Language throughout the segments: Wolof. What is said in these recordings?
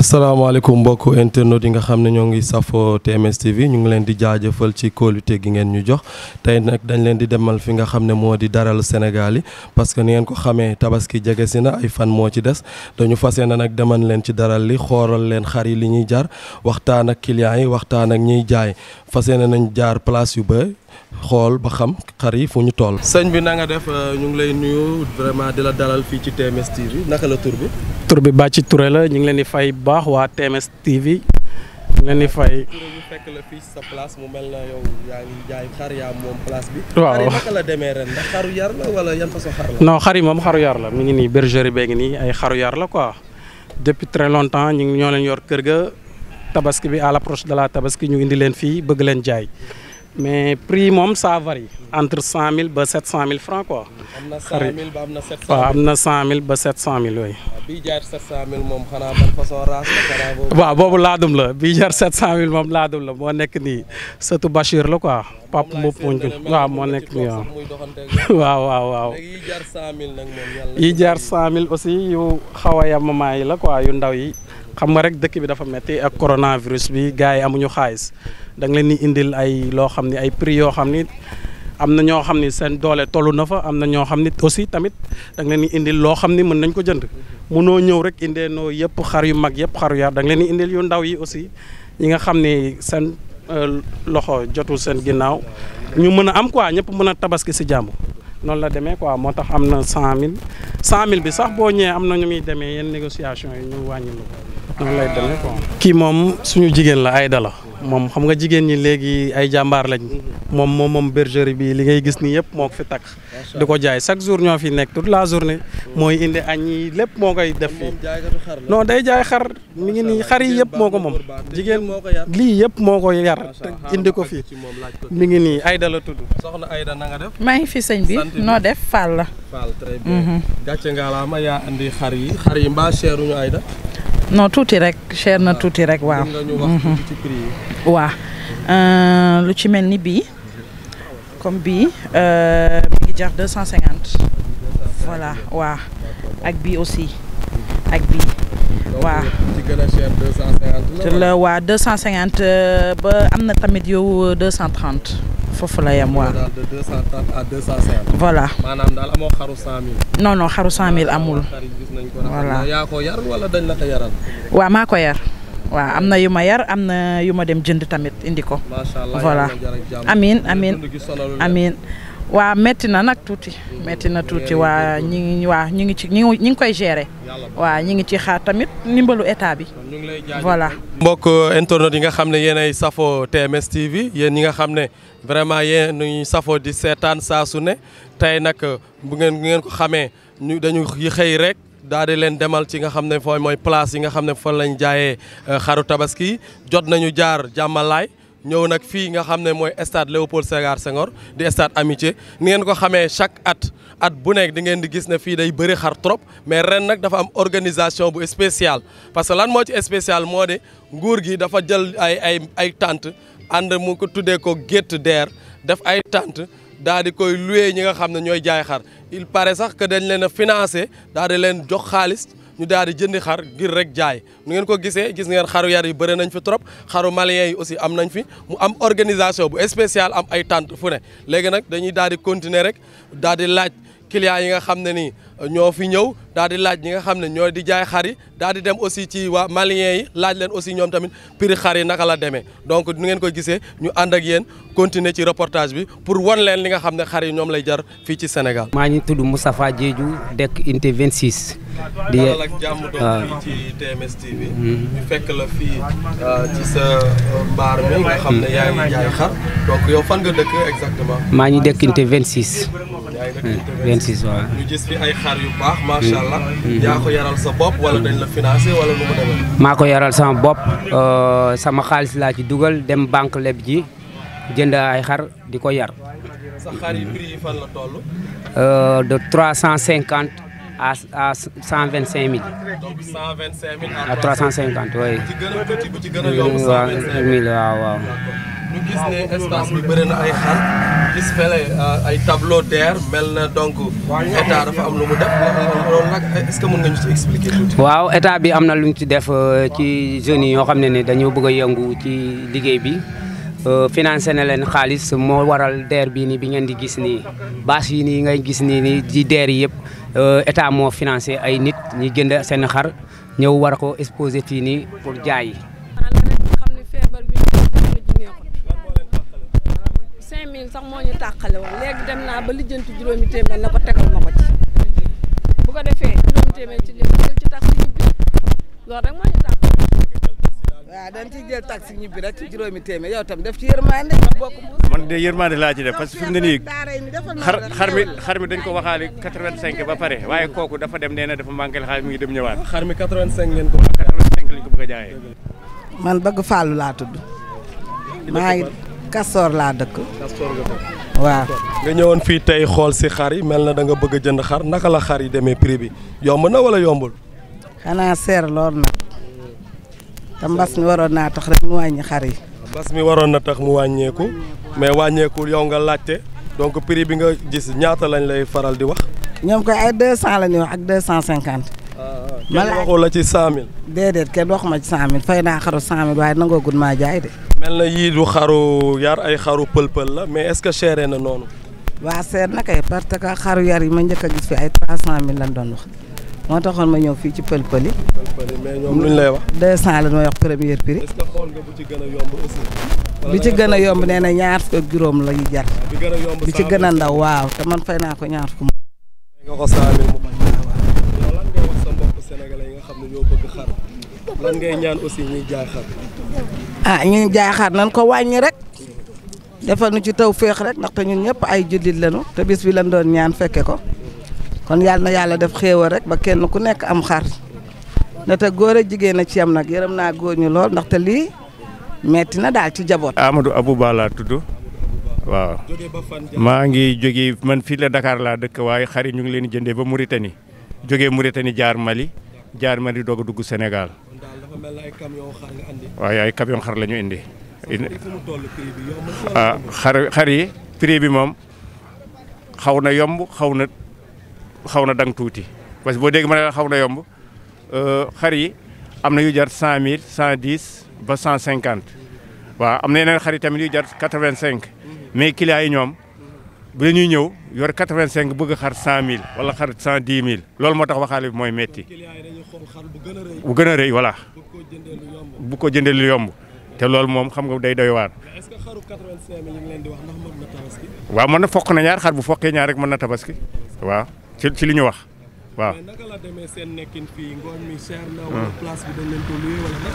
asalaamaaleykum mbokk internet yi nga xam ne ñoo ngi safo TMS TV ñu ngi leen di jaajëfal ci kóolute gi ngeen ñu jox tey nag dañ leen di demal fi nga xam ne moo di daral Sénégal yi parce que ni ngeen ko xamee tabaski jege si na ay fan moo ci des dañu fas yéene nag demal leen ci daral li xooral leen xar yi li ñuy jar waxtaan ak clients yi waxtaan ak ñuy jaay fas yéene nañ jaar place yu ba xool ba xam xar yi fu ñu tool sëñ bi na nga def euh, ñu ngi lay nuyu vraiment di la dalal fii ci TMS TV naka la tur bi. tur bi Bathie Touré la ñu ngi leen di fay bu baax waa TMS TV. ñu ngi leen di fay. fekk la fii sa place mu mel na yow yaa ngi jaay xar yaa moom place bi. waaw xar la demee ren ndax xaru yar la wala yan façon yi moom xaru yar la mi ngi nii bergerie bee ngi nii ay xaru yar la quoi depuis très longtemps ñoo leen yor kër ga. tabaski bi à l'approche de la tabaski ñu indi leen fii bëgg leen jaay mais prix moom ça varie entre cent mille ba sept cent mille francs quoi. am na cent mille ba am na sept cent mille waaw am na cent mille ba moom xanaa ban boobu. waaw boobu laadum la bii jaar sept cent mille moom laadum la moo nekk nii surtout Bachir la quoi. pap moom moo waaw moo nekk nii waaw. waaw waaw waaw. yi jaar cent mille nag moom yàlla. yi aussi yu xaw a yamamaay la quoi yu ndaw yi. xam nga rek dëkk bi dafa metti ak coronavirus bi gars yi amuñu xaalis da leen di indil ay loo xam ne ay prix yoo xam ni am na ñoo xam ni seen doole tollu na fa am na ñoo xam ni aussi tamit da nga indil loo xam ni mën nañ ko jënd mënoo ñëw rek indee noo yëpp xar yu mag yëpp xar yu da nga leen indil yu ndaw yi aussi yi nga xam ni seen euh, loxo jotul seen ginnaaw ñu mën a am quoi ñëpp mën a tabaski si jàmm noonu la demee quoi moo tax am na 100000 100000 bi sax boo ñëwee am na ñu muy demee yenn négociation yi ñu wàññi noonu lay kii moom suñu jigéen la Aïda la moom xam nga jigéen ñi léegi ay jàmbaar lañ moom moom moom bergerie bi li ngay gis nii yëpp moo ko fi takk di ko jaay chaque jour ñoo fi nekk toute la journée mooy indi añ yi lépp moo koy def fii non day jaay xar mi ngi nii xar yi yëpp moo ko moom yëpp moo ko yar ko fii mi ngi nii Aïda la tudd soxna Aïda na maa ngi fi sëñ noo def Fall la Fall mhm. yi xar yi non tuuti rek cher na tuuti rek waaw. Mhm. waaw euh, lu ci mel ni bii comme bi euh, mi ngi jar deux cent cinquante voilà waaw ak bii aussi ak bii waaw. la waa deux cent euh, ba am na tamit yow deux cent trente. foofu la yem waaw. de deux cent trente voilà amoo xaru cent non non xaru cent ah, amul. voilà yaa ko yar wala dañ la ko yaral. waaw maa ko yar. waaw am na yu ma yar am na yu ma dem jënd tamit indi ko. voilà amiin amiin amiin. waa métti na nag tuuti métti na tuuti waa ñi ngi waa ñu ngi ci ñi ngi koy gérer waa ñi ngi ci xaar tamit ndimbalu état bi voilà. mbokk internet yi nga xam ne yéenay safo TMS TV yéen ñi nga xam ne vraiment yéen ñuy safo di seetaan saasu ne tey nag bu ngeen bu ko xamee ñu dañu xëy rek. daal di leen demal ci nga xam ne fooy mooy place yi nga xam ne fan lañ jaayee euh, xaru tabaski jot nañu jaar jàmmalaay ñëw nag fii nga xam ne mooy stade Léopold Sédar Senghor di stade Amitié ni ngeen ko xamee chaque at at bu nekk di ngeen di gis ne fii day bëri xar trop mais ren nag dafa am organisation bu spécial parce que lan moo ci spécial moo de nguur gi dafa jël ay ay ay tente ànd mu ko tuddee ko gétt der def ay tente daal di koy loué ñi nga xam ne ñooy jaay xar il pare sax que dañ leen a financé daal di leen jox xaalis ñu daal di jëndi xar ngir rek jaay nu ngeen ko gisee gis ngeen xaru yar yi bëri nañ fi trop xaru malien yi aussi am nañ fi mu am organisation bu spéciale am ay tànt fu ne léegi nag dañuy daal di continuer rek daal di laaj clients yi nga xam ne ni ñoo fi ñëw daal di laaj ñi nga xam ne ñooy di jaay xar yi daal di dem aussi ci waa maliens yi laaj leen aussi ñoom tamit prix xar yi naka la demee donc nu ngeen koy gisee ñu ànd ak yéen continuer ci reportage bi pour wan leen li nga xam ne xar yi ñoom lay jar fii ci Sénégal. maa ngi tudd Moustapha Diédhiou dekk unité 26. di ak jàmm doon fii ci TMS TV. Hmm. ñu fekk la fii euh, ci sa euh, hmm. maa ngi dëkk unité 26. yaa ngi yàlla. ko yaral sa bopp maa ko yaral sama bopp euh, sama xaalis laa ci dugal dem banque leb ji jënd ay xar di ko yar. sa xar yi prix yi euh, de trois cent cinquante à trois cent cinquante. ci gën waaw waaw. ñu gis ay xar gis euh, donc waaw état bi am na lu ñu ci def euh, ci jeunes yoo xam ne ni dañoo bëgg a yëngu ci liggéey bi euh, financé na leen xaalis moo waral DER bii nii bi ngeen di gis nii bâche yi nii ngay gis nii ni di DER yi yëpp moo financé ay nit ñi jënd seen xar ñëw war ko exposé fii nii pour jaay. moo ñu tàqale woon léegi dem naa na ko bu ko defee juróomi téeméer ci lépp jël ci taxi ñibbi loolu rek moo ñu tàqale waaw dañ ciy jël taxi ñibbi rek ci juróomi téeméer yow tam def ci yërmande bokk man de yërmande laa ci def parce que fi mu ne nii xar xar mi xar mi dañ ko waxaale 85 ba pare waaye kooku dafa dem nee na dafa manqué xaalis mi ngi dem ñëwaat xar mi 85 ngeen ko 85 lañ ko bëgg man bëgg Fallou tudd Kastoor laa dëkk. waa nga ñëwoon fii tey xool si xar yi mel na da nga bëgg a jënd xar naka la xar yi demee prix bi yomb na wala yombul. xanaa seer lool nag te mbas mi waroon naa tax rek mu wàññi xar yi. mbas mi waroon na tax mu wàññeeku mais wàññeekul yow nga laajte donc prix bi nga gis ñaata lañ lay faral di wax. ñoom koy ay 200 la ñuy wax ak 250. Ah, ah. ma laaj kenn waxu la ci 100000. déedéet kenn waxuma ci 100000 fay naa xaru 100000 waaye nangoo gud maa jaay de. mel na yii du xaru yar ay xaru pël-pël la mais est-ce que seere na noonu. waa seer na kay parce que xaru yar yi ma njëkk a gis fi ay 300000 lañ doon moo taxoon ma ñëw fii ci pël yi. mais ñoom luñ lay wax. 200 lañ may wax premier prix. xool nga bu ci gën a yomb aussi. ci gën a yomb nee na ñaar fukk la ñuy jar. gën a yomb bi ci gën ndaw waaw te man fay naa ko ñaar ko 100000 yi xam ne ñoo bëgg xar lan ngay ñaan aussi ñuy jaay xar. ah ñu jaaxaar nañ ko wàññi rek defal nu ci taw féex rek ndaxte ñun ñëpp ay jullit lañu te bis bi lañ doon ñaan fekke ko kon yàlla na yàlla def xéewal rek ba kenn ku nekk am xar ndaxte góor a jigéen a ci am nag yërëm naa góor ñu lool ndaxte lii metti na daal ci jaboot. abu Abouba laa tudd waaw maa ngi jóge man fii la Dakar laa dëkk waaye xar ñu ngi leen di jëndee ba Mauritanie jógee Mauritanie jaar Mali jaar Mali doog a dugg senegal dafa mel ne ay camion xar waaw ay camion xar la ñu indi. Ah, xar xar yi prix bi moom xaw na yomb xaw na xaw na dang tuuti parce que boo dégg ma ne xaw na yomb euh, xar yi am na yu jar cent mille cent dix ba cent cinquante waaw am na yeneen xar tamit yu jar quatre vingt cinq mm-hmm. mais clients yi ñoom. bu dee ñuy ñëw yor quatre-vingt-cinq bëgg xar cent mille wala xar cent dix mille loolu moo tax waxaale mooy metti bu gën a rëy voilà bu ko jëndee lu yomb te loolu moom xam nga day doy waar. est na tabaski. waaw mën na fokk na ñaar xar bu fokkee ñaar rek mën na tabaski waaw ci ci li ñu wax. waaw. mais seen nekkin fii hmm. bi dañ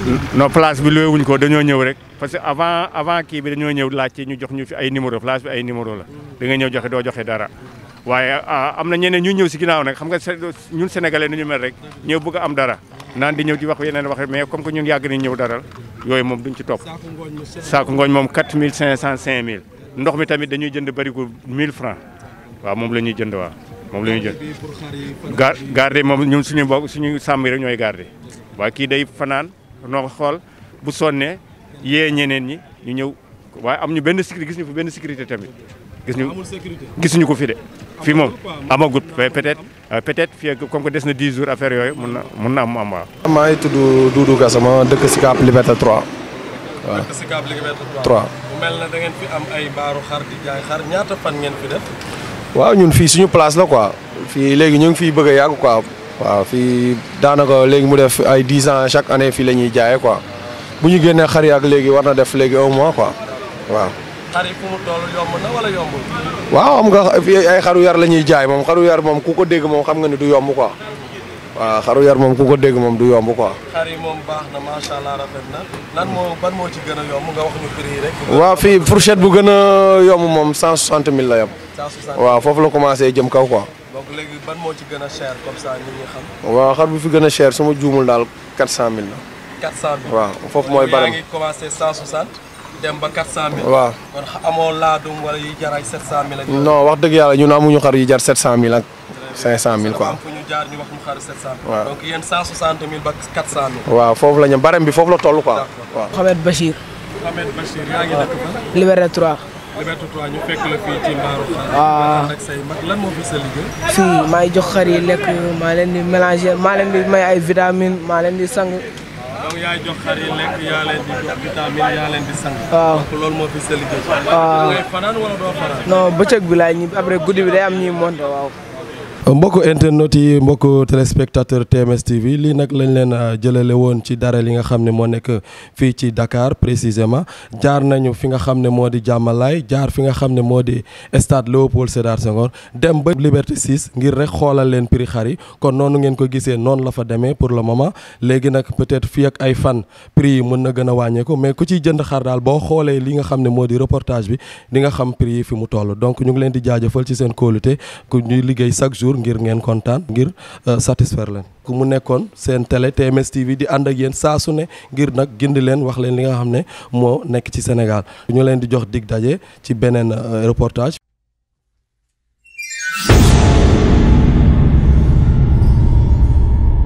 leen ko wuñ ko dañoo ñëw rek parce que avant avant kii bi dañoo ñëw laajte ñu jox ñu fi ay numéro place bi ay numéro la. Hmm. da nga ñëw joxe doo joxe dara. waaye am na ñeneen ñu ñëw si ginnaaw ne xam nga ñun sénégalais ni ñu mel rek ñëw bëgg am dara naan di ñëw di wax yeneen wax mais comme que ñun yàgg ni ñëw dara yooyu moom duñ ci topp. saako ngooñ moom cin mille ndox mi tamit dañuy jënd barigo 1000 francs waaw moom la ñuy jënd waa moom la ñuy jël gar moom ñun suñu bopp suñu sàmm yi ñooy garder waaye kii day fanaan noo xool bu sonnee yee ñeneen ñi ñu ñëw waaye am ñu benn sécurité benn sécurité tamit gis ñu ko fi de fii moom amagut peut-être euh, peut-être fi comme que des na 10 jours affaire yooyu mun na mun na am am waaw. maa ngi tudd Doudou dëkk Sicap Liberté 3 waaw. mel na da fi am ay baaru xar di jaay xar ñaata fan ngeen fi def. waaw ñun fii suñu place la quoi fii léegi ñu ngi fiy bëgg a yàgg waaw fii daanaka léegi mu def ay dix ans chaque année fii lañuy jaaye ko bu ñu génnee xar yi ak léegi war na def léegi un mois quoi waaw. xar yi fu mu toll yomb na wala yombul. waaw am nga ay xaru yar la ñuy jaay moom xaru yar moom ku ko dégg moom xam nga ni du yomb quoi. waa xaru yar moom ku ko dégg moom du yomb quoi. xar yi moom macha allah rafet na moo ban moo fii fourchette bu gën a yomb moom cent soixante mille la yem. waaw foofu la commencé jëm kaw quoi. donc moo ci gën a cher comme ça xar bu fi gën a cher su ma daal quatre cent mille la. quatre foofu mooy. barab yaa ngi commencé cent soixante dem ba amoo laadum wala yi jar ay sept cent mille. wax dëgg yàlla ñun amuñu xar yi jar sept cent mille ak cinq cent mille quoi. jaar ñu wax mu xaru waaw foofu la ñu barème bi foofu la toll ko waaw Mouhamed Bachir. Mouhamed Bachir yaa ngi Liberté 3. ñu fekk la fii ci Mbaaru Xaar. waaw ak jox xar lekk maa leen di mélanger may ay vitamines maa leen di vitamine yaa leen di sang. waaw donc moo fi sa bi laay ñibbi après guddi bi day am ñuy monté mbokk internet yi mbokk téléspectateur TMS TV lii nag lañ leen ah, jëlale woon ci dara li nga xam ne moo nekk fii ci Dakar précisément jaar nañu fi nga xam ne moo di jàmmalaay jaar fi nga xam ne moo di stade Léopold Sédar Senghor dem ba Liberté 6 ngir rek xoolal leen prix xar yi kon noonu ngeen ko gisee noonu la fa demee pour le moment léegi nag peut-être fii ak ay fan prix yi mun na gën a wàññeeku mais ku ci jënd xar daal boo xoolee li nga xam ne moo di reportage bi di nga xam prix yi fi mu toll donc ñu ngi leen di jaajëfal ci seen kóolute ku ñuy liggéey chaque jour ngir ngeen kontaan ngir euh, satisfaire leen ku mu nekkoon seen télé TMS TV di ànd ak yéen saa su ne ngir nag gindi leen wax leen li nga xam ne moo nekk ci Sénégal ñu leen di jox dig daje ci beneen euh, reportage